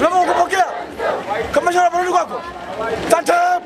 넘어오고 벗겨라. 건마셔라 버리고 갖고. 딴 참.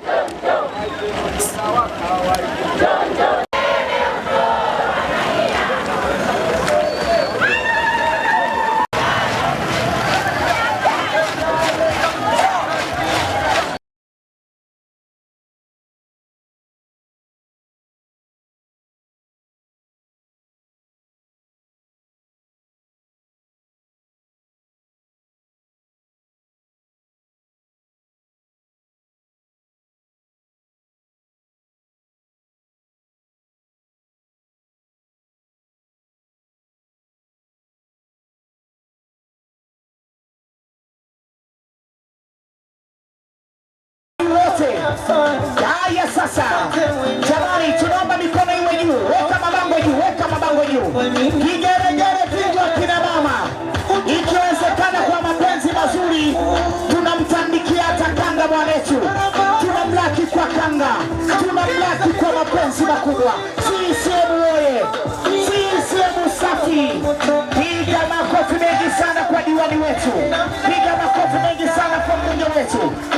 Haya sasa, jamani, tunaomba mikono iwe juu, weka mabango juu, weka mabango juu, kigeregere pigwa kina mama, ikiwezekana kwa mapenzi mazuri, tunamtandikia hata kanga mwanetu, tunamlaki kwa kanga, tunamlaki kwa mapenzi makubwa. CCM oye! CCM safi! Piga makofi mengi sana kwa diwani wetu, piga makofi mengi sana kwa mbunge wetu.